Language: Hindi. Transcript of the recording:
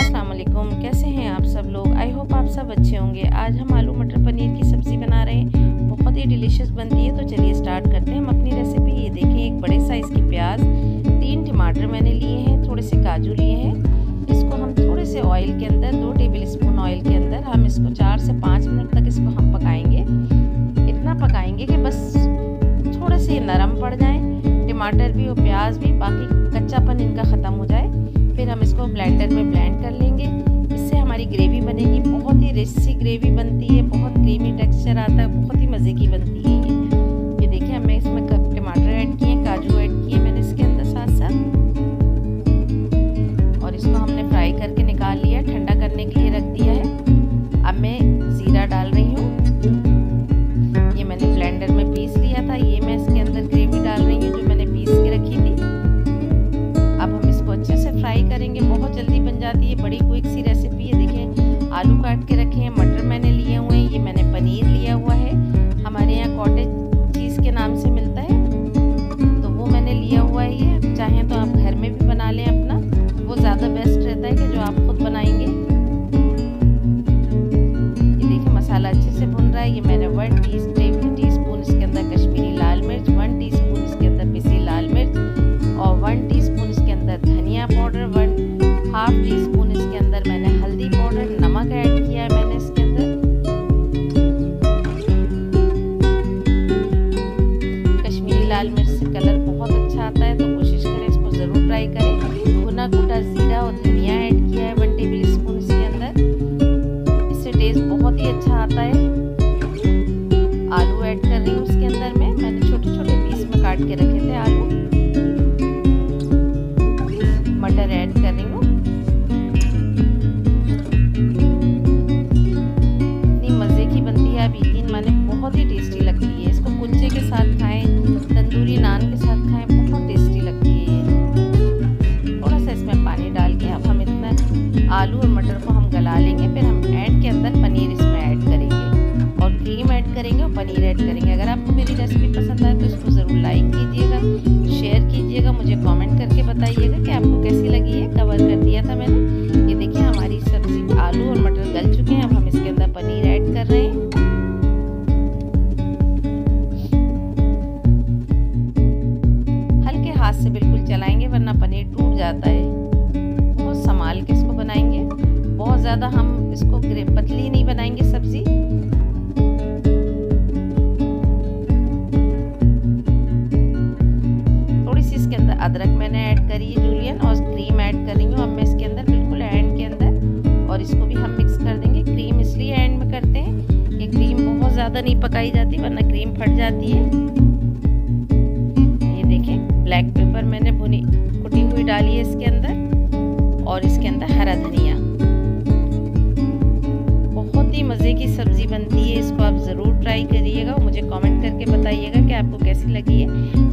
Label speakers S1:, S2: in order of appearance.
S1: असलकुम कैसे हैं आप सब लोग आई होप आप सब अच्छे होंगे आज हम आलू मटर पनीर की सब्ज़ी बना रहे हैं बहुत ही डिलीशियस बनती है तो चलिए स्टार्ट करते हैं हम अपनी रेसिपी ये देखें एक बड़े साइज़ की प्याज तीन टमाटर मैंने लिए हैं थोड़े से काजू लिए हैं इसको हम थोड़े से ऑयल के अंदर दो टेबल स्पून ऑयल के अंदर हम इसको चार से पाँच मिनट तक इसको हम पकाएंगे इतना पकाएंगे कि बस थोड़े से नरम पड़ जाएँ टमाटर भी और प्याज भी बाकी कच्चापन इनका ख़त्म हो जाए फिर हम इसको ब्लेंडर में ब्लेंड कर लेंगे इससे हमारी ग्रेवी बनेगी बहुत ही रिच सी ग्रेवी बनती है बहुत क्रीमी टेक्सचर आता है बहुत ही मज़े की बनती है ये ये देखिए हमें इसमें टमाटर ऐड किए काजू ऐड किए मैंने इसके अंदर साथ साथ और इसको हमने फ्राई करके करेंगे बहुत जल्दी बन जाती है बड़ी क्विक सी रेसिपी है देखें आलू काट के रखे हैं मटर मैंने लिए हुए हैं ये मैंने पनीर लिया हुआ है हमारे यहाँ कॉटेज चीज़ के नाम से मिलता है तो वो मैंने लिया हुआ है ये चाहें तो आप घर में भी बना लें अपना वो ज़्यादा बेस्ट रहता है कि जो आप खुद बनाएंगे ये देखिए मसाला अच्छे से भुन रहा है ये मैंने वन टी टी स्पून इसके अंदर कश्मीरी लाल मिर्च वन टी स्पून इसके अंदर पिसी लाल मिर्च और वन टी स्पून इसके अंदर धनिया पाउडर अच्छा आता है आलू ऐड कर रही हूँ उसके अंदर में मैंने छोटे छोटे पीस में काट के रखे थे आलू मटर ऐड कर रही हूँ इतनी मज़े की बनती है अब यकीन माने बहुत ही टेस्टी लगती है इसको कुल्चे के साथ खाएं तंदूरी नान के साथ खाएं बहुत टेस्टी लगती है थोड़ा सा इसमें पानी डाल के अब हम इतना आलू और मटर को हम गला लेंगे फिर हम ऐड के अंदर पनीर इसमें नंबर ही रेड करेंगे अगर आपको मेरी रेसिपी पसंद आए तो इसको ज़रूर लाइक कीजिएगा शेयर कीजिएगा मुझे कमेंट करके बताइएगा कि आपको कैसी लगी है कवर कर दिया था मैंने ये देखिए हमारी सब्ज़ी आलू और मटर गल चुके हैं अब हम इसके अंदर पनीर ऐड कर रहे हैं हल्के हाथ से बिल्कुल चलाएंगे वरना पनीर टूट जाता है बहुत संभाल के इसको बनाएंगे बहुत ज़्यादा हम इसको पतली नहीं बनाएंगे अदरक मैंने ऐड करी है जूलियन और क्रीम ऐड कर रही हूँ अब मैं इसके अंदर बिल्कुल एंड के अंदर और इसको भी हम मिक्स कर देंगे क्रीम इसलिए एंड में करते हैं कि क्रीम बहुत ज़्यादा नहीं पकाई जाती वरना क्रीम फट जाती है ये देखें ब्लैक पेपर मैंने भुनी कुटी हुई डाली है इसके अंदर और इसके अंदर हरा धनिया बहुत ही मज़े की सब्ज़ी बनती है इसको आप ज़रूर ट्राई करिएगा मुझे कमेंट करके बताइएगा कि आपको कैसी लगी है